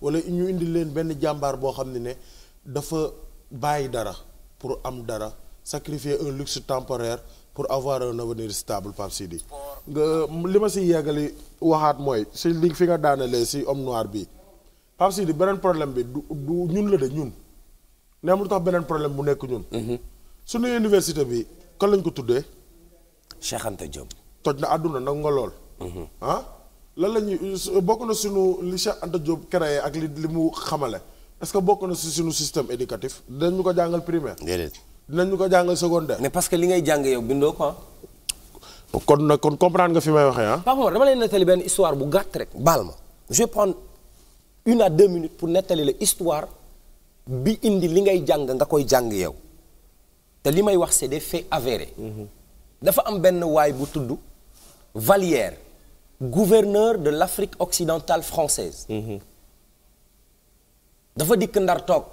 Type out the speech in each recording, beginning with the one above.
wala ñu indi leen benn jàmbaar boo xam ne ne dafa bàyyi dara pour am dara sacrifier un luxe temporaire pour avoir un avenir stable Pape Sidi nga li ma si yeggali waxaat mooy si li fi nga daanalee si homme noir bi Pape Sidi beneen problème bi du du ñun la de ñun nee lu tax beneen problème bu nekk ñun mhm. suñu université bi kan lañ ko tuddee Cheikh Anta toj na àdduna nag nga lool mhm. ah? lan la bokk na sunu li Cheikh Anta Diop créé ak li li mu xamale est-ce que bokk na si sunu système éducatif ñu ko jàngal primaire. déedéet dinañu ko jàngal secondaire. mais parce que li ngay jàng yow bindoo ko ah? kon kon comprendre nga fi may waxee ah. Pape Mor dama leen nettali benn histoire bu gàtt rek. baal ma je vais prendre une à deux minutes pour nettali la histoire bi indi li ngay jàng nga koy jàng yow te li may wax c'est des faits avérés. Mm-hmm. dafa am benn waay bu tudd Valière. gouverneur de l'Afrique occidentale française dafa dikk ndar toog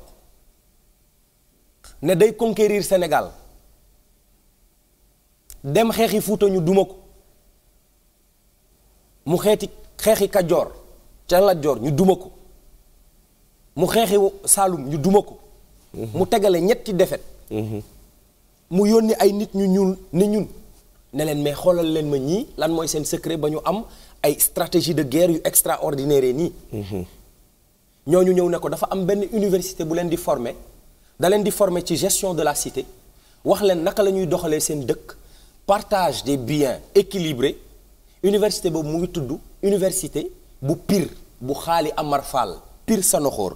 ne day conquérir Sénégal dem xeexi Fuuta ñu duma ko mu xeeti xeexi Kajoor ca ñu duma ko mu xeexi Saalum ñu duma ko mu tegale ñetti defet mhm. mu yónni ay nit ñu ñuul ne ñun ne leen mais xoolal leen ma ñii lan mooy seen secret ba ñu am ay stratégie de guerre yu extraordinaire nii. Mm-hmm. ñooñu ñëw ne ko dafa am benn université bu leen di former da leen di former ci gestion de la cité wax leen naka la ñuy doxalee seen dëkk partage des biens équilibré université boobu mu tudd université bu piir bu Xaali Amar Fall Pire Sanoxoor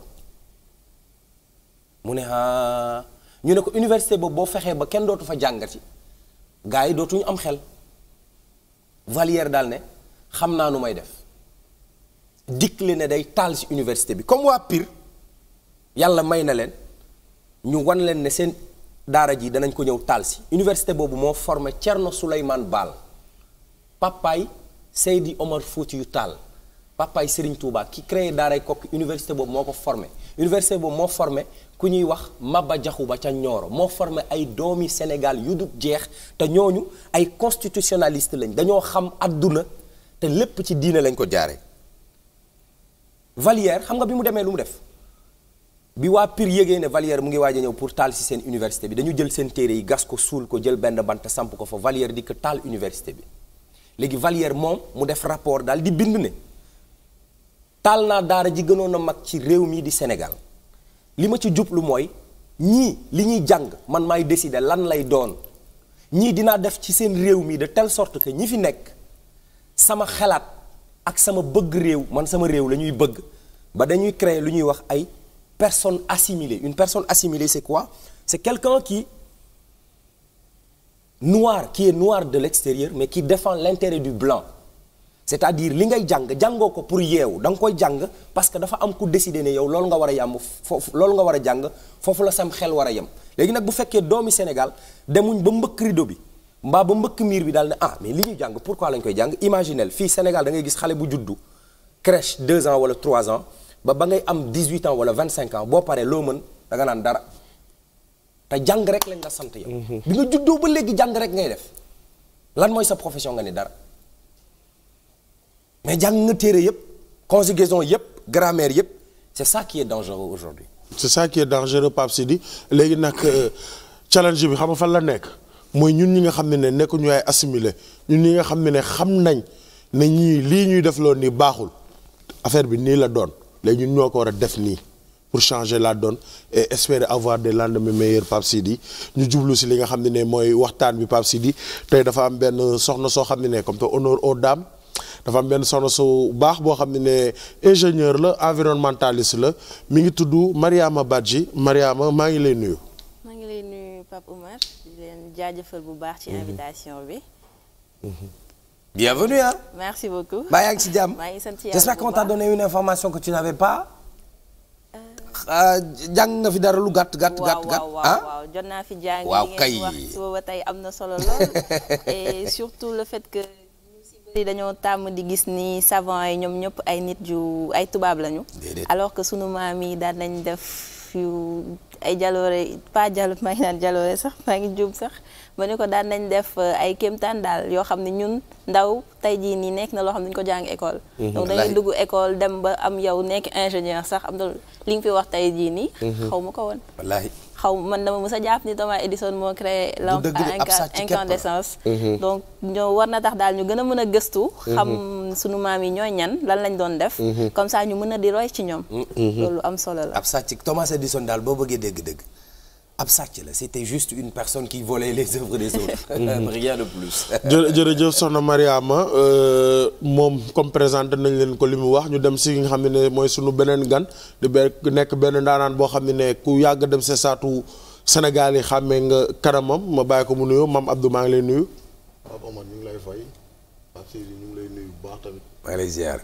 mu ne ah ñu ne ko université boobu boo fexee ba kenn dootu fa jàngati. gaa yi dootuñu am xel Valière daal ne xam naa nu may def dikk li ne day taal ci université bi comme waa Pire yàlla may na leen ñu wan leen ne seen daara ji danañ ko ñëw taal si université boobu moo formé Thierno Souleymane Baal papaay Seydi Omar yu taal papaay Serigne Touba ki créé daaray Koki université boobu moo ko formé université boobu moo formé ku ñuy wax Maba Jaxu Ba ca ñooro moo formé ay doomi Sénégal yu dut jeex te ñooñu ay constitutionnaliste lañ dañoo xam àdduna te lépp ci diine lañ ko jaare Valière xam nga bi mu demee lu mu def bi waa Pire yégee ne Valière mu ngi waaj a ñëw pour taal si seen université bi dañu jël seen téere yi gas ko suul ko jël benn bant samp ko fa Valière di ko taal université bi léegi Valière moom mu def rapport daal di bind ne taal naa daara ji gënoon a mag ci réew mi di Sénégal li ma ci jublu mooy ñii li ñuy jàng man maay décider lan lay doon ñii dinaa def ci seen réew mii de telle sorte que ñi fi nekk sama xalaat ak sama bëgg réew man sama réew la ñuy bëgg ba dañuy créer lu ñuy wax ay personne assimilée une personne assimilée c'est quoi c'est quelqu'un qui noir qui est noir de l'extérieur mais qui défend l'intérêt du blanc cest à diir li ngay jàng jàngoo ko pour yeewu da nga koy jàng parce que dafa am ku décider ne yow loolu nga war a yàmb foofu loolu nga war a jàng foofu la sam xel war a yem léegi nag bu fekkee doomi Sénégal demuñ ba mbëkk rido bi mbaa ba mbëkk miir bi daal ne ah mais li ñu jàng pourquoi lañ koy jàng imaginel fii Sénégal da ngay gis xale bu juddu crèche 2 ans wala trois ans ba ba ngay am 18 ans wala 25 ans boo paree loo mën da naan dara te jàng rek lañ la sant yow. Mm-hmm. nga juddoo ba léegi jàng rek ngay def lan mooy sa profession nga ne dara. mais jàng nga téere yëpp conjugaison yëpp grammaire yëpp c'est ça qui est dangereux aujourd'hui c'est ça qui est dangereux Pape Sidi léegi nag euh, challenge bi xam nga fan la nekk mooy ñun ñi nga xam ne ne nekkuñu ay assimilé ñun ñi nga xam ne ne xam nañ ne ñii lii ñuy def loo nii baaxul affaire bi nii la doon léegi ñun ñoo ko war a def nii pour changer la donne et espérer avoir des lendemains meilleurs Pape Sidi ñu jublu si li nga xam ne ne mooy waxtaan bi Pape Sidi tey dafa am benn soxna soo xam ne ne comme te honneur aux dafa am benn soxna su baax boo xam ne ne ingénieur la environnementaliste la mi ngi tudd Mariama Badji Mariama maa ngi lay nuyu. maa ngi lay nuyu Pape Oumar leen jaajëfal bu baax ci mhm. invitation bi. Mhm. bienvenue ah. merci beaucoup. mbaa yaa ngi ci jàmm maa ngi sant yàlla j'espère qu'on t'a donné une information que tu n'avais pas. Euh. Euh, jàng nga fi dara lu gàtt gàtt gàtt gàtt ah jot naa fi jàng. waaw kay li ngeen wax suba ba tey am na solo lool surtout le fait que. dañoo tàmm di gis ni savant yi ñoom ñëpp ay nit yu ay tubaab lañu. alors que suñu maam yi daan nañ def yu ay jaloore pas jalo maa ngi naan jaloore sax maa ngi jub sax ba ne ko daan nañ def euh, ay kéemtaan daal yoo xam ne ñun ndaw tey jii nii nekk na loo xam ne ñu ko jàng école. Mhm. donc dañuy dugg école dem ba am yow nekk ingénieur sax am na li nga fi wax tey jii nii. Mhm. xaw ma ko woon. xaw man dama mës a jàpp ni Thomas Edison moo créé lampe à incandescence mhm. donc ñoo war na tax daal ñu gën a mën a gëstu mhm. xam sunu maam yi ñooy ñan lan lañ doon def mhm. comme ça ñu mën a di roy ci ñoom loolu am solo la ab sàcc Thomas Edison daal boo bëggee dégg-dégg ab sàcc la c'était juste une personne qui volait les œuvres des autres. Mhm. rien de plus. jërëjëf soxna Mariama euh, moom comme présenté nañ leen ko li mu wax ñu dem si nga xam ne mooy sunu beneen gan di nekk benn ndaanaan boo xam ne ku yàgg dem sa saatu Sénégal yi xàmmee nga kanamam ma bàyyi ko mu nuyoo mam Abdou maa ngi lay nuyu. Pape ñu ngi lay fay Pape ñu ngi lay nuyu baax tamit. maa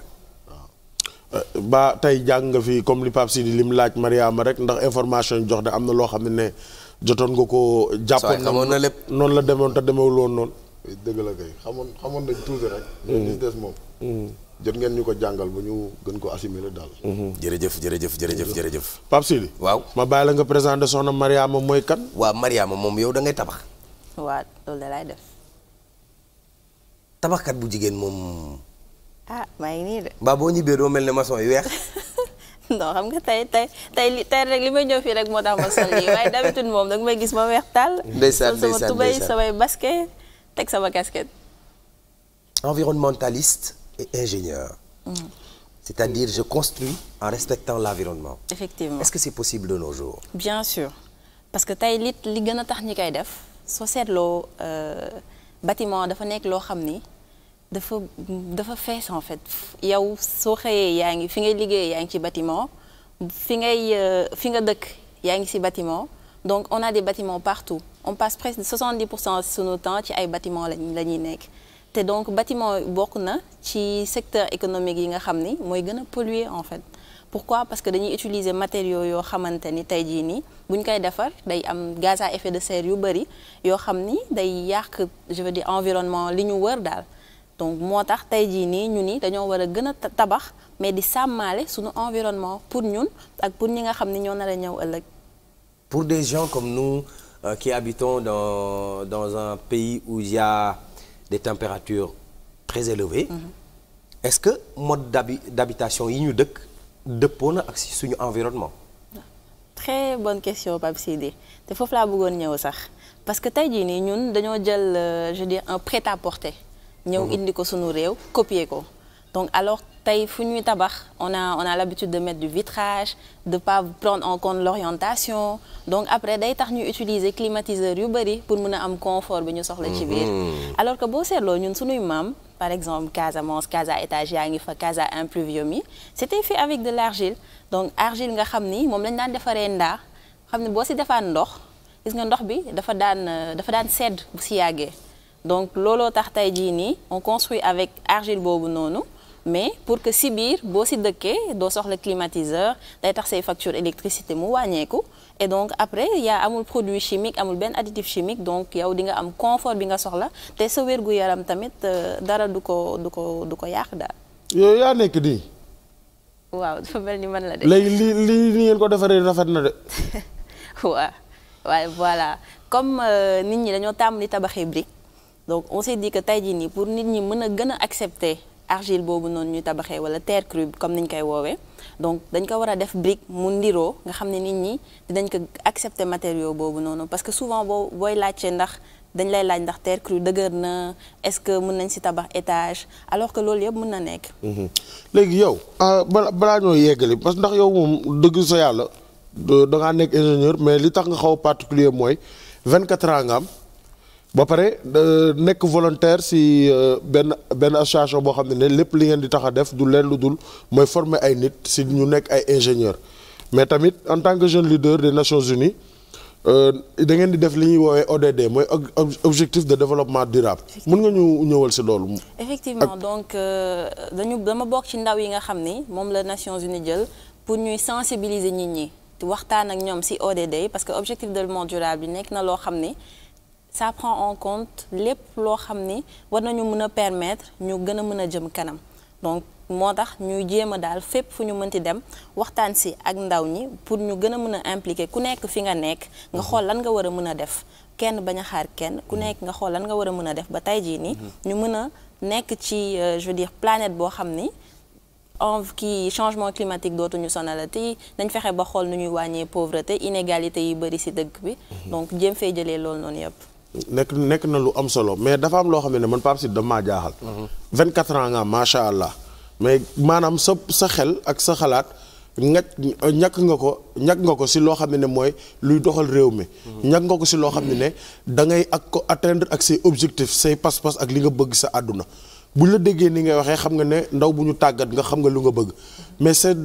ba tey jàng nga fi comme li Pape li mu laaj Mariama rek ndax information jox de am na loo xam ne ne jotoon nga ko jàppoon xamoon na lépp noonu la demoon te demewul woon noonu dëgg la kay xamoon xamoon nañ tuuti rek gis mm-hmm. des moom mm-hmm. ngeen ñu ko jàngal ba ñu gën ko assimiler daal mm-hmm. jërëjëf jërëjëf jërëjëf jërëjëf Pape Sidi waaw ma bàyyi la nga présenté soxna Mariama mooy kan waa Mariama moom yow da ngay tabax waaw loolu da lay def tabaxkat bu jigéen moom ah maa ngi nii de. mbaa boo ñibbee doo mel ne maçon yu weex. non xam nga tey tey tey li tey rek li may ñëw fii rek moo tax ma sol yi waaye d'habitude moom danga may gis ma weex tàll. ndeysaan sama tubéy samay basket teg sama casquette. environnementaliste et ingénieur. Mm. c'est-à-dire je construis en respectant l'environnement. effectivement est-ce que c'est possible de nos jours. bien sûr parce que tey li li gën a tax ñi koy def soo seetloo euh, bâtiment dafa nekk loo xam ni. dafa dafa fees en fait yow soo xëyee yaa ngi fi ngay liggéey yaa ngi ci bâtiment fi ngay euh, fi nga dëkk yaa ngi ci bâtiment donc on a des bâtiments partout on passe presque 70 pour cent sunu temps ci ay bâtiment lañ la ñuy nekk te donc bâtiment bokk na ci secteur économique yi nga xam ni mooy gën a polluer en fait pourquoi parce que dañuy utiliser matériaux yoo xamante ni tey jii nii bu ñu koy defar day am gaz effet de serre yu bëri yoo xam ni day yàq je environnement li ñu wër daal donc moo tax tey jii nii ñu ni dañoo war a gën a tabax mais di sàmmaale suñu environnement pour ñun ak pour ñi nga xam ni ñoo nar a ñëw ëllëg. pour des gens comme nous euh, qui habitons dans dans un pays où il y a des températures très élevées. Mhm. est-ce que mode d'habitation yi ñu dëkk dëppoo na ak suñu environnement. très bonne question Pape Sidi te foofu laa bëggoon ñëw sax parce que tey jii nii ñun dañoo jël euh, je veux un prêt à ñëw indi ko sunu réew copier ko donc alors tey fu ñuy tabax on a on a l'habitude de mettre du vitrage de pas prendre en compte l'orientation donc après day tax ñu utiliser climatiseur yu bëri pour mun a am confort bi ñu soxla ci biir mhm. alors que boo seetloo ñun suñuy maam par exemple Casamance casa étage yaa ngi fa casa impluvium yi c'était fait avec de l'argile donc argile nga xam ni moom lañ daan defaree ndaa xam ne boo si defaan ndox gis nga ndox bi dafa daan dafa daan sedd bu si yàggee donc looloo tax tey jii nii on construit avec argile boobu noonu mais pour que si biir boo si dëkkee doo soxla climatiseur day tax say facture électricité mu wàññeeku et donc après yaa amul produit chimique amul benn additif chimique donc yow di nga am confort bi nga soxla te sa wérgu yaram tamit euh, dara du ko du ko du ko yàq daal. yooyu yaa nekk di. waaw dafa mel ni man la de. li li li ko defaree rafet na de. waaw waaye voilà comme euh, nit ñi dañoo tàmm di tabaxee donc on s'est dit que tey jii nii pour nit ñi mën a gën a accepter argile boobu noonu ñu tabaxee wala terre crue comme niñ koy woowee donc dañ ko war a def brique mu ndiroo nga xam ne nit ñi dañ ko accepter matériaux boobu noonu parce que souvent boo booy laajte ndax dañ lay laaj ndax terre crue dëgër na est-ce que mën nañ si tabax étage alors que loolu yëpp mën na nekk. Mhm. léegi yow ah, balaa balaa ñoo yeggali parce que ndax yow moom dëgg sa yàlla da ngaa nekk ingénieur nga xaw a particulier mooy 24 ans nga ba pare nekk volontaire si euh, benn benn association boo xam ne ne lépp li ngeen di tax a def du leen lu dul mooy forme ay nit si ñu nekk ay ingénieur mais tamit en tant que jeune leader des Nations Unies euh, da ngeen di def li ñuy woowee ODD mooy objectif de développement durable. mun nga ñu ñëwal si loolu. effectivement donc euh, dañu dama bokk ci ndaw yi nga xam ni moom la Nations Unies jël pour ñuy sensibiliser nit ñi waxtaan ak ñoom si ODD parce que objectif de développement durable nekk na loo xam ni. ça prend en compte lépp loo xam ni war nañu mën a permettre ñu gën a mën a jëm kanam donc moo tax ñuy jéem a daal fépp fu ñu mënti dem waxtaan si ak ndaw ñi pour ñu gën a mën a impliquer ku nekk fi nga nekk nga xool lan nga war a mën a def kenn bañ a xaar kenn ku nekk nga xool lan nga war a mën a def ba tey jii nii ñu mën a nekk ci euh, je veux dire boo xam ni en kii changement climatique dootuñu sonalati dañ fexe ba xool nu ñuy wàññee pauvreté inégalité yi bëri si dëkk bi mhm. donc jéem fee jëlee loolu noonu yëpp nekk nekk na lu am solo mais dafa am loo xam ne man Pape Sidi daf maa jaaxal. 24 mhm. ans nga macha allah mais maanaam sa sa xel ak sa xalaat. ñàkk ñàkk nga ko ñàkk nga ko si loo xam ne mooy luy doxal réew mi. Mhm. ñàkk nga ko si loo xam ne da ngay ak ko atteindre ak say objectif say pas-pas ak li nga bëgg sa àdduna buñ la déggee ni ngay waxee xam nga ne ndaw bu ñu tàggat nga xam nga lu nga bëgg mais c'est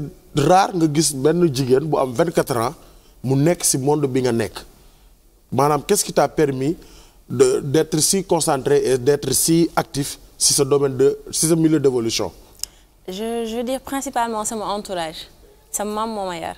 rare nga gis benn jigéen bu am quatre ans mu nekk si monde bi nga nekk maanaam qu'est-ce de d'être si concentré et d'être ci actif si sa domaine de si ce milieu d'évolution je je dire principalement sama entourage sama maam moo ma yar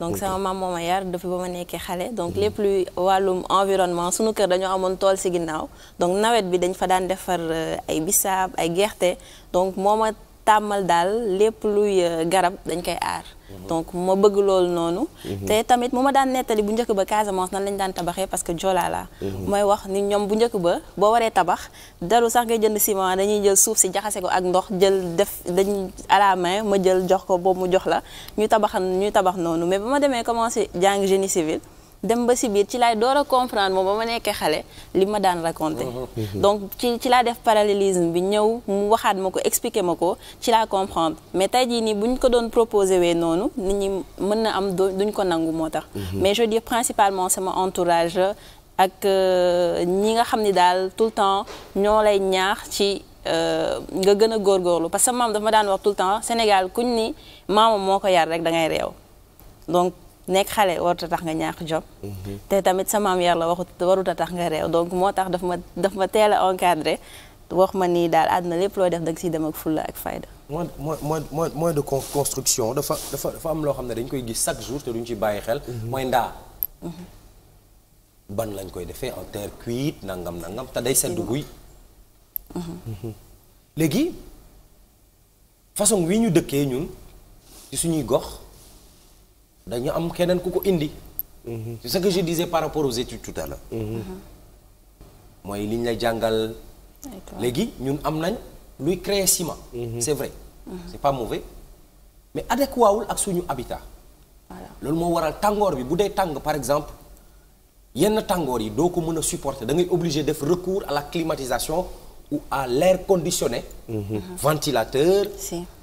donc sama maam moo ma yar depuis ba ma nekkee xale donc lépp mm-hmm. luy wàllum environnement sunu kër dañoo amoon tool ci ginnaaw donc nawet bi dañ fa daan defar euh, ay bisaab ay gerte donc moom a tàmmal daal lépp luy euh, garab dañ koy aar donc ma bëgg loolu noonu mhm. te tamit mu ma daan nettali bu njëkk ba Casamance nan lañ daan tabaxee parce que joolaa mhm. mooy wax ni ñoom bu njëkk ba boo waree tabax daru sax nga jënd ciment dañuy jël suuf si jaxase ko ak ndox jël def dañuy à ma jël jox ko boobu mu jox la ñu tabaxan ñu tabax noonu mais ba ma demee commencé jàng génie civil dem ba si biir ci lay door a comprendre moom ba ma nekkee xale li ma daan raconté mhm. mhm. donc ci ci laa def parallélisme bi ñëw mu waxaat ma ko expliqué ma ko ci laa comprendre mais tey jii nii buñ ko doon proposé wee noonu nit ñi mën na am duñ ko nangu moo tax mhm. mais je dis principalement sama entourage la ak euh, ñi nga xam ni daal tout le temps ñoo lay ñaax ci euh, nga gën a góorgóorlu parce que maam dafa ma daan wax tout temps Sénégal ku kuñ ni maama moo ko yar rek da ngay nekk xale warut a tax nga ñàkk jom mhm. te tamit sa maam yar la waxut warut tax nga réew donc moo tax daf ma daf ma teel a encadré wax ma nii daal àdduna lépp looy def da nga siy dem ak fulla ak fayda mooy mooy mooy mooy de construction dafa dafa dafa am loo xam ne dañ koy gis chaque jour te duñ bàyyi xel mhm. mooy ndaa mhm. ban lañ koy defee en terre cuite nangam nangam te day sedd guy léegi façon wi ñu dëkkee ñun ci suñuy gox dañu am keneen ku ko indi. Mhm. c'est ce que je disais par rapport aux études tout à mhm. Mhm. mooy li ñu lay jàngal. léegi ñun am nañ luy créer ciment. c'est vrai. c'est pas mauvais mais adéquat ak suñu habitat. loolu moo waral tàngoor bi bu dee tàng par exemple yenn tàngoor yi doo ko mën a supporter da ngay obligé def recours à la climatisation ou à l'air conditionné. ventilateur.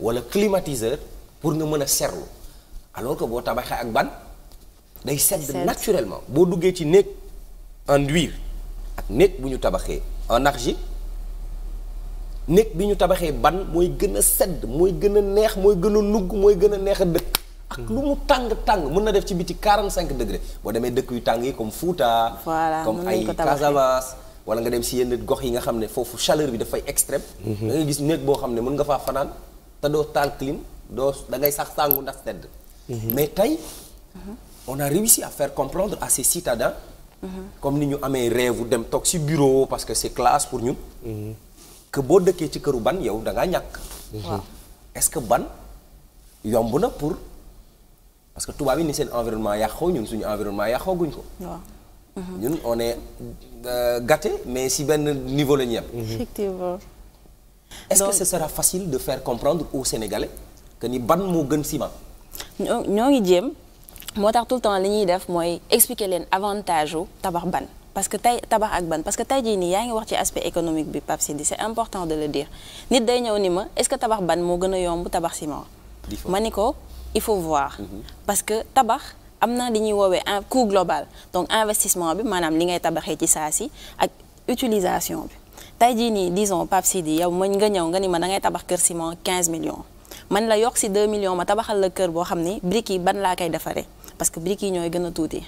wala climatiseur pour nga mën a serlu. alors que boo tabaxee ak ban day sedd naturellement boo duggee ci néeg en ak néeg bu ñu tabaxee en argile néeg bi ñu tabaxee ban mooy gën a sedd mooy gën a neex mooy gën a nugg mooy gën a neex a dëkk ak lu mu tàng tàng mun na def ci biti 45 degré boo demee dëkk yu tàng yi comme Fouta. voilà comme ay Casamance. wala nga dem si yenn gox yi nga xam ne foofu challeur bi dafay extrême. Mhm. da gis néeg boo xam ne mën nga faa fanaan te doo taal clim doo da ngay sax tàngu ndax sedd. Mhm. mais tey mhm. on a réussi à faire comprendre à ces citadins mhm. comme ni ñu amee rêve dem toog ci bureau parce que c'est classe pour ñun que boo dëkkee ci këru ban yow da ngaa ñàkk est-ce que ban yomb na pour parce que tubaab yi ni seen environnement yàqoo ñun suñu environnement yàqoo guñ ko ñun on est euh, mais si benn niveau la ñu yem effectivement facile de faire comprendre au Sénégalais que ni ban moo gën ciment ñoo ngi jéem moo tax tout le temps li ñuy def mooy expliquer leen avantage u tabax ban parce que tey tabax ak ban parce que tey jii nii yaa ngi wax ci aspect économique bi Pape Sidi c'est important de le dire nit day ñëw ni ma est-ce que tabax ban moo gën a yomb tabax ciment ma ni ko il faut voir mm-hmm. parce que tabax am na li ñuy woowee un coût global donc investissement bi maanaam li ngay tabaxee ci saa si ak utilisation bi tey jii nii disons Pape Sidi yow mën nga ñëw nga ni ma da ngay tabax kër ciment 15 millions man la yokk si deux millions ma tabaxal la kër boo xam ni briques yi ban laa koy defaree parce que briques yi ñooy gën a tuuti.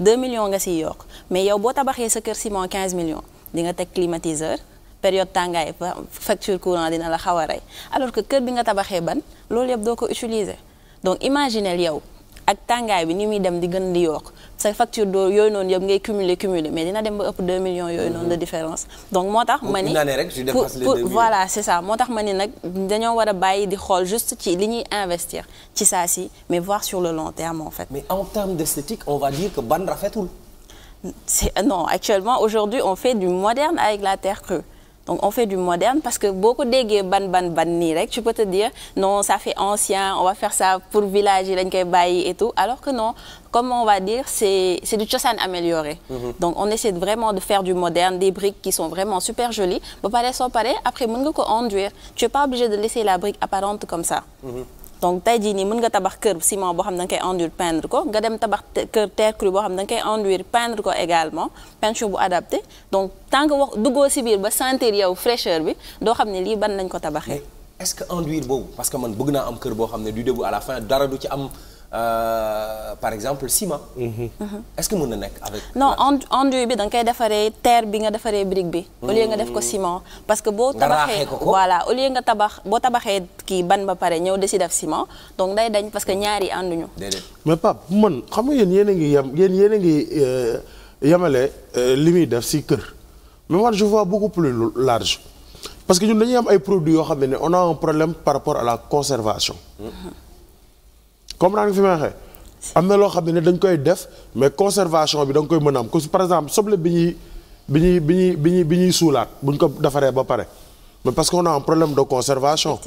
2 mhm. millions nga si yokk mais yow boo tabaxee sa kër ciment 15 millions di nga teg climatiseur période tàngaay facture courant dina la xaw a rey alors que kër bi nga tabaxee ban loolu yëpp doo ko utiliser donc imaginez yow. ak tàngaay bi ni muy dem di gën di yokk sa facture doo yooyu noonu yëpp ngay cumuler cumuler mais dina dem ba ëpp 2 millions yooyu noonu de mhm. différence donc moo tax ma ni nag dañoo war a bàyyi di xool juste ci li ñuy investir ci saa si mais voir sur le long terme en fait mais en termes d'esthétique on va dire que ban rafetul c'est non actuellement aujourd'hui on fait du moderne avec la terre crue donc on fait du moderne parce que boo ko déggee ban ban ban nii rek tu peux te dire non ça fait ancien on va faire ça pour village yi lañ koy bàyyi et tout alors que non comme on va dire c'est c'est du cosaan amélioré mm-hmm. donc on essaie vraiment de faire du moderne des briques qui sont vraiment super jolies ba pare soo pare après mën nga ko enduire tu es pas obligé de laisser la brique apparente comme ça mm-hmm. donc tey jii nii mën nga tabax kër simon boo xam ne da nga koy enduire peindre ko nga dem tabax kër terre crue boo xam ne da nga koy enduire peindre ko également peinture bu adapté donc tant que wax duggoo si biir ba sentir yow fraîcheur bi doo xam ne lii ban lañ ko tabaxee. est-ce que enduire boobu parce que man bëgg naa am kër boo xam ne du début à la fin dara du ci am. Euh, par exemple ciment. Mhm. Uh-huh. est-ce que mun na nekk avec. non enduit bi da koy defaree terre bi nga defaree brique bi. au lieu nga def ko mm. ciment. parce que boo tabaxee voilà au lieu nga tabax boo tabaxee kii ban ba pare ñëw de si def ciment donc day dañ parce que mm. ñaari ànduñu. mais Pape man xam nga yéen yéen a ngi yem yéen yéen a ngi euh, yemale euh, li muy def si kër mais man je vois beaucoup plus large parce que ñun dañuy am ay produit yoo xam ne on a un problème par rapport à la conservation. Mm-hmm. comprendre nga fi may waxee. am na loo xam ne dañ koy def mais conservation bi danga koy mën a am parce par exemple soble bi ñuy bi ñuy bi ñuy bi ñuy bi ñuy suulaat bu ñu ko defaree ba pare mais parce que on a un problème de conservation.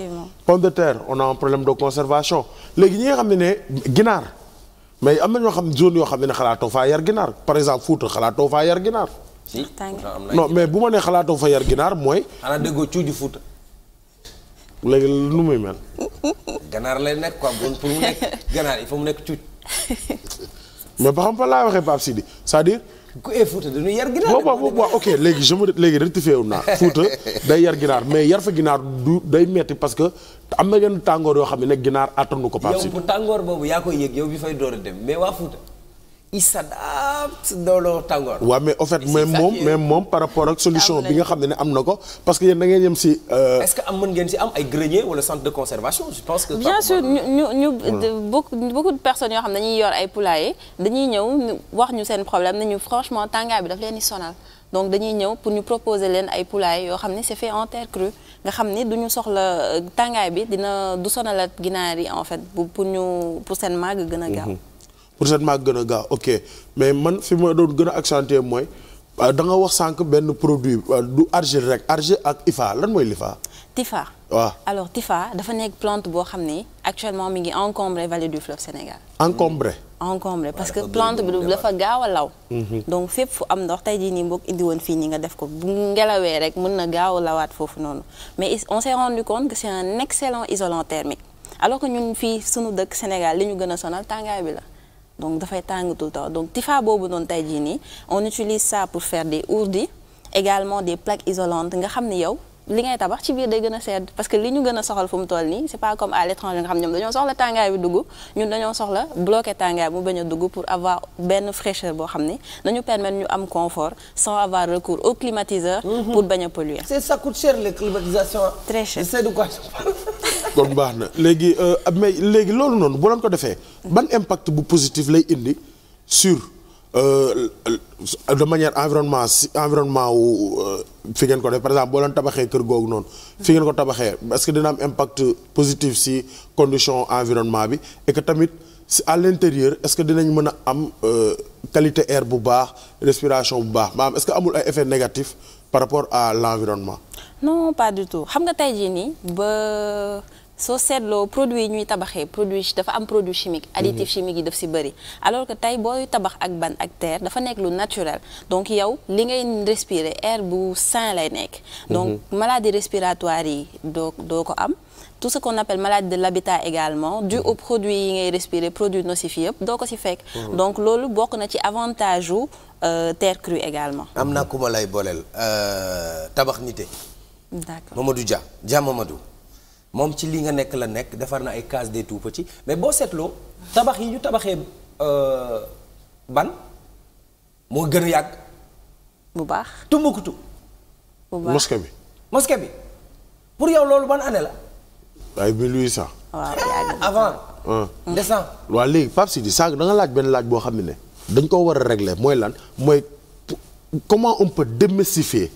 pomme de terre on a un problème de conservation léegi ñi nga xam ne ne ginaar mais am na ñoo xam zone yoo xam ne xalaatoo faa yar ginaar par exemple Fouta xalaatoo faa yar ginaar. si non mais bu ma nee xalaatoo fa yar ginaar mooy. xanaa déggoo cuuju Fouta. léegi lu muy mel. ganaar lay nekk quoi bon pour mu nekk ganaar il faut mu nekk tuut. mais ba xam fa laa waxee Pape Sidi c'est-à-dire. ku ee eh, Fouta dañuy yar ginaar. waaw waaw ok léegi je me léegi rectifié wu naa Fouta day yar ginaar mais yar fa ginaar du day metti parce que am na yenn tàngoor yoo xam ne nag ginaar attanu ko. Pape Sidi yow tàngoor boobu yaa koy yëg yow bi fay door a dem mais waa Fouta. ils s'adaptent dans leur tàngoor. moom par rapport solution bi nga xam ne am na ko parce que yéen da ngeen yem si. Euh, est-ce que am mën ngeen si am ay grenier wala centre de conservation je pense que. bien sûr ñu ñu ñu beaucoup de personnes yoo xam ne dañuy yor ay poulailler dañuy ñëw wax ñu seen problème nañu franchement tàngaay bi daf leen di sonal. donc dañuy ñëw pour ñu proposer leen ay poulailler yoo xam ne c'est fait en terre crue nga xam ne duñu soxla euh, tàngaay bi dina du sonalat ginaar yi en fait pour ñu pour seen màgg gën a gaaw mm-hmm. maa gën a gaaw ok mais man fi ma doon gën a accentuer mooy da nga wax sànq benn produit du argile rek argile ak IFA lan mooy l'IFA. Tifa. waaw alors Tifa dafa nekk plante boo xam ne actuellement mi ngi encombré vallée du fleuve Sénégal. encombré. encombré parce que plante bi dafa gaaw a law. Mhm. donc fépp fu am ndox tey jii nii mbokk indi woon fii nii nga def ko bu ngelawee rek mën na gaaw a lawaat foofu noonu mais on s'est rendu compte que c'est un excellent isolant fii sunu dëkk Sénégal li ñu gën a sonal tàngaay bi la. donc dafay tàng tout le temps donc tifa boobu noonu tey jii nii on utilise ça pour faire des ourdis également des plaques isolantes nga xam ni yow li ngay tabax ci biir day gën a sedd parce que li ñu gën a soxal fu mu toll nii c'est pas comme à l'étranger nga xam ñoom dañoo soxla tàngaay bi dugg ñun dañoo soxla bloquer tàngaay mu bañ a dugg pour avoir benn fraîcheur boo xam ne nañu permettre ñu am confort sans avoir recours au climatiseur. Mhm. pour bañ a polluer. c'est ça coûte cher kon baax na léegi euh, mais léegi loolu noonu boo doon ko defee ban impact bu positif lay indi sur euh, de manière environnement si environnement wu euh, fi ngeen ko def par exemple boo leen tabaxee kër googu noonu fi ngeen ko tabaxee est que dina am impact positif si condition environnement bi et tamit si à l'intérieur est-ce que dinañ mën a am qualité air bu baax respiration bu baax maanaam est que amul ay effet négatif par rapport à l'environnement non pas du tout xam nga tey jii nii ba soo seetloo produit yi ñuy tabaxee produit dafa am produit chimique mhm. additif chimique yi daf si bëri alors que tey booy tabax ak ban ak terre dafa nekk lu naturel donc yow li ngay respirer air bu sain lay nekk mhm. donc maladie respiratoire yi doo doo ko am tout ce qu'on appelle maladie de l'habitat également dû mhm. aux produits yi ngay respirer produit nocifs yëpp doo ko si fekk donc loolu bokk na ci avantage wu euh, terre crue également am naa ku ma lay booleel euh, tabax nite d'accord Mamadou Dia Dia Mamadou moom ci li nga nekk la nekk defar na ay cases des tout petits mais boo seetloo tabax yi ñu tabaxee euh, ban moo gën a yàgg. bu baax Tombouctou. bu baax bi. mosquée bi pour yow loolu ban année la. ay 1800. waaw avant. décent. waaw léegi Pape di sànq da laaj benn laaj boo xam ne dañ koo war a régler mooy lan mooy comment on peut démystifier.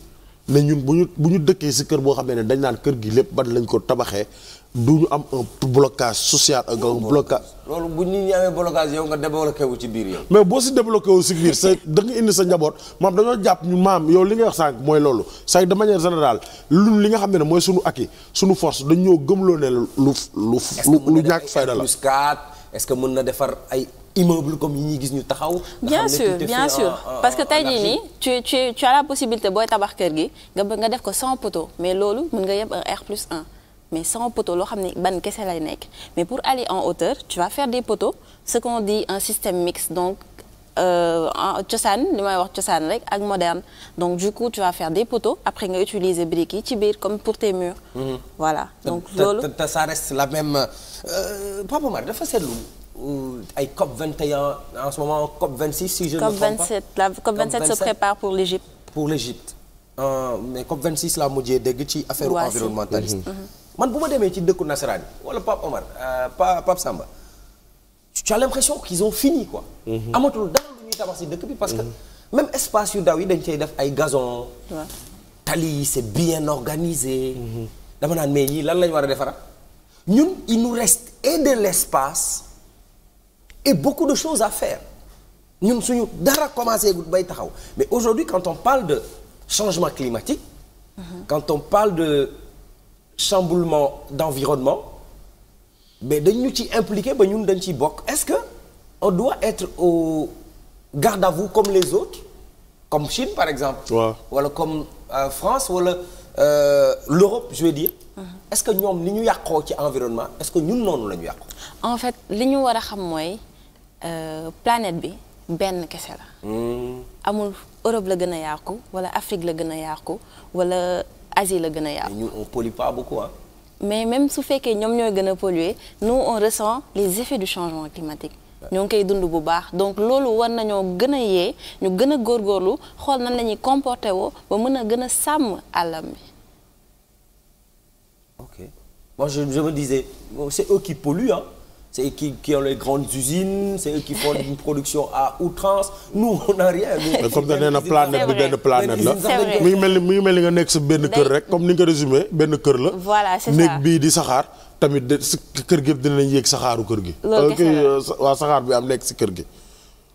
ne ñun bu ñu bu ñu dëkkee si kër boo xamee ne dañ naan kër gi lépp ban lañ ko tabaxee du ñu am un blocage social ak un blocage. loolu bu nit ñi amee blocage yow nga débloqué wu ci biir yow. mais boo si débloqué wu si biir sa da nga indi sa njaboot maam dañoo jàpp ñu maam yow li nga wax sànq mooy loolu say de manière générale lu li nga xam ne mooy suñu acquis suñu force dañ gëm gëmloo ne lu lu lu lu ñàkk fayda la. est-ce que mën na defar ay immeuble comme yi ñuy gis ñu taxaw. bien sûr bien sûr parce que tey jii nii tu tu tu as la possibilité booy tabax kër gi nga nga def ko sans poteau mais loolu mën nga yeb un R plus 1 mais sans poteau loo xam ne ban kese lay nekk mais pour aller en hauteur tu vas faire des poteaux ce qu'on dit un système mixte donc. Euh, cosaan li may wax cosaan rek ak moderne donc du coup tu vas faire des poteaux après nga utiliser briques yi ci biir comme pour tes murs. Mm-hmm. voilà donc loolu te ça la même euh, Papa Mar dafa seetlu. ay COP 21 en ce moment COP 26 si je ne me trompe COP 27 la COP 27 se prépare pour l'Égypte. pour l'Égypte euh, mais COP 26 laa mujjee dégg ci affaire environnementaliste. Mhm. Mhm. man bu ma demee ci dëkku nasaraan yi wala Pape Omar euh, Pa Pape Samba tu as l'impression qu'ils ont fini quoi. Mhm. amatul dara lu ñuy tabax si dëkk bi parce que. même espace yu daw yi dañ cay def ay gazon. waaw tali yi c'est bien organisé. dama naan mais yii lan lañ war a defaraat ñun il nous reste et de et beaucoup de choses à faire ñun suñu dara commencé gul bay taxaw mais aujourd'hui quand on parle de changement climatique mm -hmm. quand on parle de chamboulement d'environnement mais dañu ci impliqué ba ñun dañ ciy bokk est-ce que on doit être au garde à vous comme les autres comme Chine par exemple wala comme euh, France wala voilà, euh, l'Europe je veux dire mm -hmm. est-ce que ñoom li ñu yàqoo ci environnement est-ce que ñun noonu la ñu yàqoo en fait li ñu war a xam mooy Euh, planète bi benn kese la. Hmm. amul Europe la gën a yàqu wala Afrique la gën a yàqu wala Asie la gën a yàqu. ñu on pollue pas mais même su fekkee ñoom ñooy gën a polluer nous on ressent les effets du changement climatique. ñoo ngi koy dund bu baax donc loolu war nañoo gën a yee ñu gën a góor góorlu xool nan la ñuy comporté woo ba mën a gën a sàmm àllam bi. ok moi je, c'est eux qui, qui ont les grandes usines c'est eux production à outrance nous on n'a rien. comme da nee na planète bi benn planète la. mu ngi mel ni mu mel ni nga nekk sa benn kër rek comme ni nga ko résumé benn kër la. voilà c'est ça néeg bii di saxaar tamit de kër gi dinañ yéeg saxaaru kër gi. Euh, euh, waa saxaar bi am nekk si kër gi.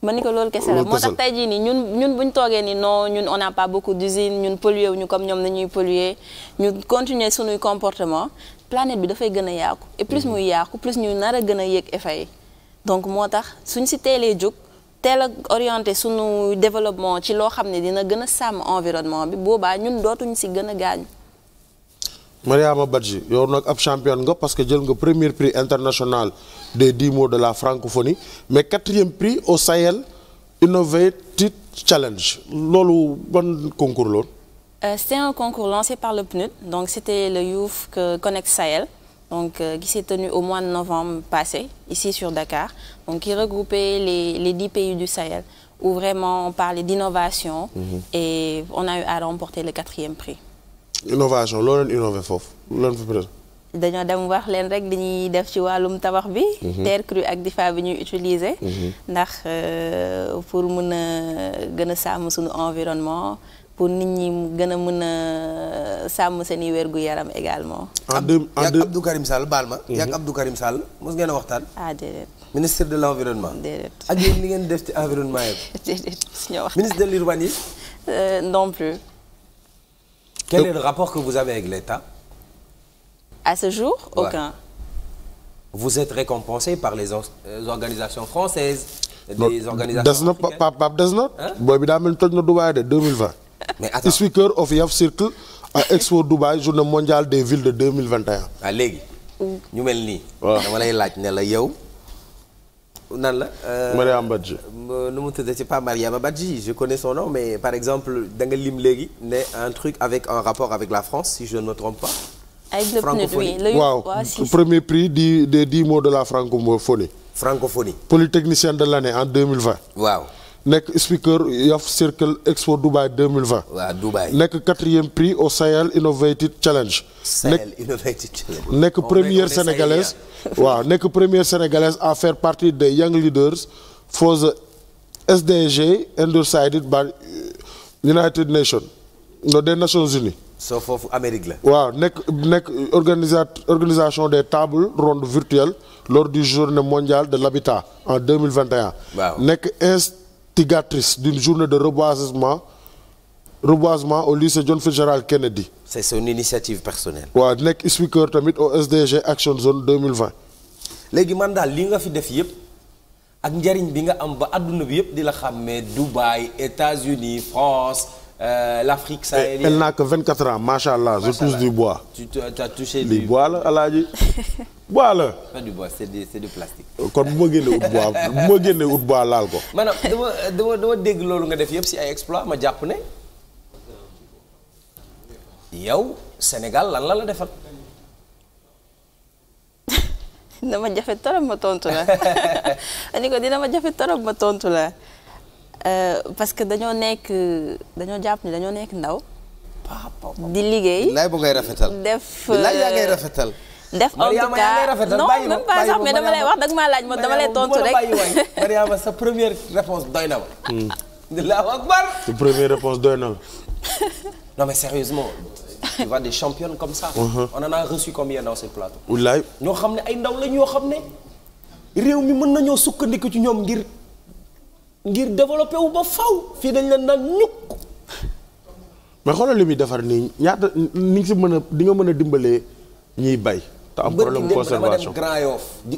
ma ni ko loolu kese la moo tax jii nii ñun bu ñu toogee nii non ñun on n'a pas beaucoup d'usines ñun pollué ñu continuer sunuy comportement planète bi dafay gën a yàqu et plus mhm. muy yàqu plus ñu nar a gën a yëg effet donc moo tax suñ si teelee jóg teel ak orienté suñu développement ci loo xam ne dina gën a sàmm environnement bi boobaa ñun dootuñ si gën a gaañ Mariama Badji yow nag ab championne nga parce que jël nga premier prix international des dix mots de la francophonie mais quatrième prix au Sahel Innovative Challenge loolu ban concours loon Euh, c'était un concours lancé par le PNUD donc c'était le Youth Connect Sahel donc euh, qui s'est tenu au mois de novembre passé ici sur Dakar donc qui regroupait les les dix pays du Sahel où vraiment on parlait d'innovation mm -hmm. et on a eu à remporter le quatrième prix. innovation loo leen innové foofu loo leen fa pare. dañoo dem wax leen rek dañuy def ci wàllum tabax bi. Mhm. terre crue ak difa bi ñuy utiliser. Mhm. ndax euh, pour mën a gën a sàmm suñu environnement. pour nit gen gën a mën a sàmm seen i wérgu yaram également. en deux en deux Abdou Karim Sall baal ma. Mhm. yàgg Abdou Karim Sall ngeen waxtaan. ah déedéet. ministre de l' environnement. déedéet ak yéen li ngeen def ci environnement yëpp. ministre de l' urbanisme. Euh, non plus. quel est le rapport que vous avez avec l' État. à ce jour. vous êtes récompensé par les organisations françaises. des organisations des na Pape Pape des na. booy bi daa mel ni toj na Dubaay de 2020. mais attends speaker of YAF Circle à Expo Dubaï journée mondiale des villes de 2021. waaw léegi. ñu mel ni waaw dama lay laaj ne la yow. nan la. Euh, Mariam Badji. nu mu tuddee ci pas Mariama Badji je connais son nom mais par exemple da nga lim léegi ne un truc avec un rapport avec la France si je ne me trompe pas. avec le PNUD oui waaw premier prix di des dix mots de la francophonie. francophonie. polytechnicien de l'année en waaw. nekk speaker Yoff Circle Expo Dubai 2020. waaw Dubai nekk quatrième prix au Sahel Innovative Challenge. Sahel Innovative Challenge. nekk première sénégalaise waaw nekk première sénégalaise à faire partie des Young Leaders for the SDG endorsed by uh, United Nations no Nations Unies. foofu Amérique waaw nekk nekk organisa organisation des tables rondes virtuelles lors du journée mondiale de l'habitat en deux mille vingt et nekk instigatrice d'une journée de reboisement reboisement au lycée John Fitzgerald Kennedy. c'est son initiative personnelle. waaw nekk speaker tamit au SDG Action Zone 2020. léegi man daal li nga fi def yépp ak njariñ bi nga am ba àdduna bi yépp di la xàmmee Dubaï États-Unis France. Euh, l'Afrique sahélienne. Eh, elle n'a que 24 ans macha allah je touche du bois. tu tu as touché du la alaaji bois euh, kon bu ma génnee ut bois bu ko. maanaam dégg loolu nga def yëpp ci ay ma jàpp ne. yow Sénégal lan la la defal. jafe torop ma tontu la. ani dina ma jafe torop ma tontu la. Euh, parce que dañoo nekk dañoo jàpp ni dañoo nekk ndaw. di liggéey. laay bu ngay rafetal. def laay yaa ngay euh, rafetal. def en tout cas non même pas sax mais dama lay wax dag maa laaj ma dama lay tontu rek. Mariama sa première réponse doy na ma. Hmm. Allahu akbar. sa première la. non mais sérieusement tu vois comme ça. Uh-huh. on en a reçu combien dans ce plateau. wallaay ñoo xam ne ay ndaw la ñoo xam ne réew mi mën nañoo sukkandiku ci ñoom ngir. ngir développé wu ba faw fii dañ leen naan mais xoolal li muy defar nii ñaata ni si mën a di mën a dimbalee ñiy bay te am problème conservation dama dem Grand Yoff di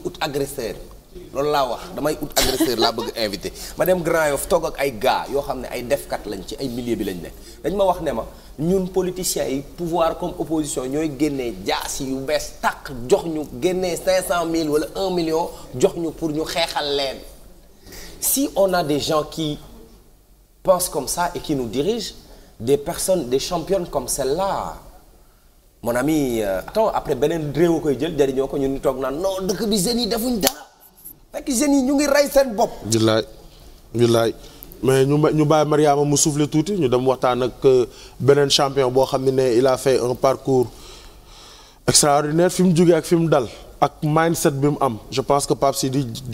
loolu laa wax damay ut agresseur laa bëgg invité ma dem Grand Yoff toog ak ay gars yoo xam ne ay defkat lañ ci ay milieu bi lañ nekk dañ ma wax ne ma ñun politiciens yi pouvoir comme opposition ñooy génnee jaas yu bees tàq jox ñu génnee cent mille wala un million jox ñu pour ñu xeexal leen Si on a des gens qui pensent comme ça et qui nous dirigent, des personnes, des championnes comme celle-là, mon ami, euh, attends, après beneen réew koy jël jëriñoo ko ñun toog naan non dëkk bi jeunes yi defuñ dara fekk jeunes yi ñu ngi rey seen bopp. billaay billaay mais ñu ñu bàyyi Mariama mu souffler tuuti ñu dem waxtaan ak euh, beneen champion boo xam ne il a fait un parcours extraordinaire fi mu jógee ak fi mu dal. ak mindset bi mu am je pense que Pape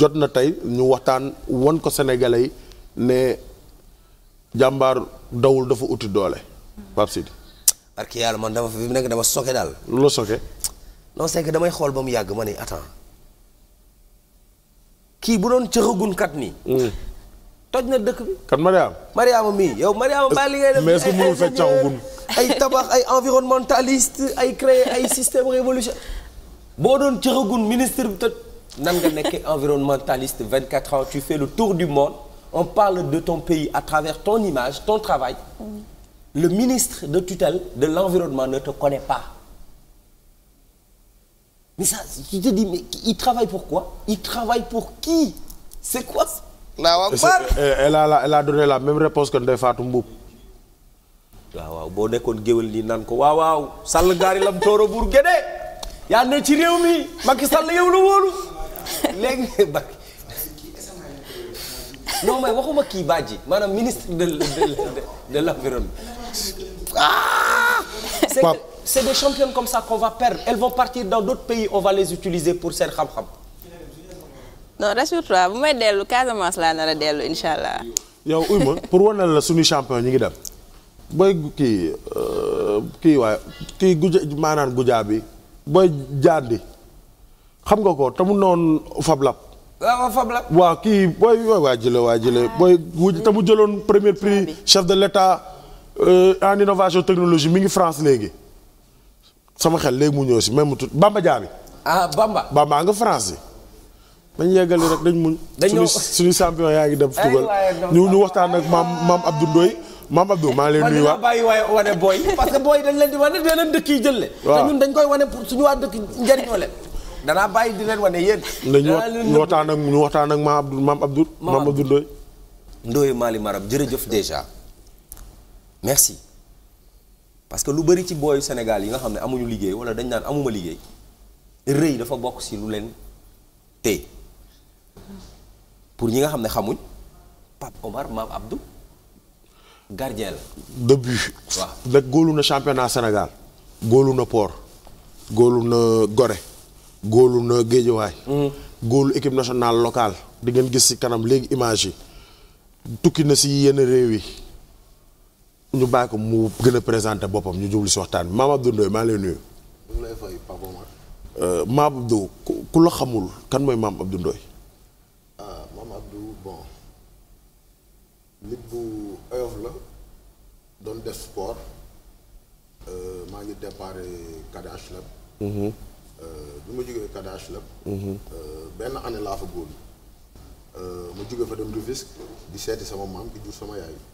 jot na tey ñu waxtaan wan ko sénégalais yi ne jàmbaar dawul dafa uti doole Pape Sidi. yàlla man dama fi mu nekk dama soke daal. loo soke. non c'est que damay xool ba mu yàgg ma ne attends kii bu doon cëxagun kat nii. Hmm. toj na dëkk bi. kan Mariama. Mariama mii yow Mariama bàyyi li ngay mais est-ce que mënul ay tabax ay environnementaliste ay créer ay système révolution boo doon cëxagun ministre bi tëj nan nga nekkee environnementaliste 24 ans tu fais le tour du monde on parle de ton pays à travers ton image ton travail le ministre de tutelle de l'environnement ne te connaît pas mais ça je te dis mais il travaille pour quoi il travaille pour qui c'est quoi waaw euh, elle a la a la même réponse que Ndeye Fatou Mboup waaw waaw boo nekkoon géwél nii naan ko waaw waaw sàll gaari lam tooro buur gédee yaa ci réew mi Macky Sall yow la wóolu léegi non mais waxuma kii Badji maanaam ministre de de de l'environnement ah. c'est c'est des championnes comme ça qu'on utiliser pour seen xam-xam. non rassure-toi bu may dellu Casamance laa nar a dellu incha allah. yow uy ma pour wane la suñu champion ñi ngi dem. booy kii euh, kii waaye kii guja maanaan gujaa bi. booy jaandi xam nga ko te mu noon fablab waaw fablab waaw kii booy waa jële waa jële ah. booy wuj mu jëloon première prix chef de l'état euh, en innovation technologie mi ngi France léegi sama xel léegi mu ñëw si même tut Bamba Diaby ah Bamba Bamba nga France yi dañ yeggali rek dañ muñ suñu suñu champion yaa ngi dem tugal ñu ñu waxtaan ak maam maam Abdou Ndoye Mame Abdou maa ngi bàyyi waaye wane booy parce que booy dañ leen di wane beneen dëkk yi jël leen te ñun dañ koy wane pour suñu waa dëkk njëriñoo leen danaa bàyyi di leen wane yéen ñu waxtaan ak ñu waxtaan ak Mame Abdou Mame Abdou Mame Abdou Ndoye Ndoye Mali Marab jërëjëf déjà merci parce que lu bëri ci booyu Sénégal yi nga xam ne amuñu liggéey wala dañ naan amuma liggéey rëy dafa bokk si lu leen tey ñi nga xam ne xamuñ Pape Omar Mame gardien la. de but. waaw nag góolu na championnat Sénégal. góolu na Port. góolu na gore góolu na Géejawaay. Mhm. góolu équipe nationale locale. di ngeen gis ci kanam léegi image yi. tukki na ci yenn réew yi. ñu bàyyi ko mu gën a présenter boppam ñu jublu ci waxtaan bi Mame Abdou Ndoye maa ngi lay nuyu. lay fay Pape Omar. Euh, Mame Abdou ku la xamul kan mooy Mame Abdou Ndoye. nit bu oyof la doon def sport euh, maa ngi déparé Kadash Lab mhm. euh, bi ma jógee Kadash la mhm. euh, benn année laa fa góor ma jóge fa dem Rufisque di seeti sama maam bi jur sama yaay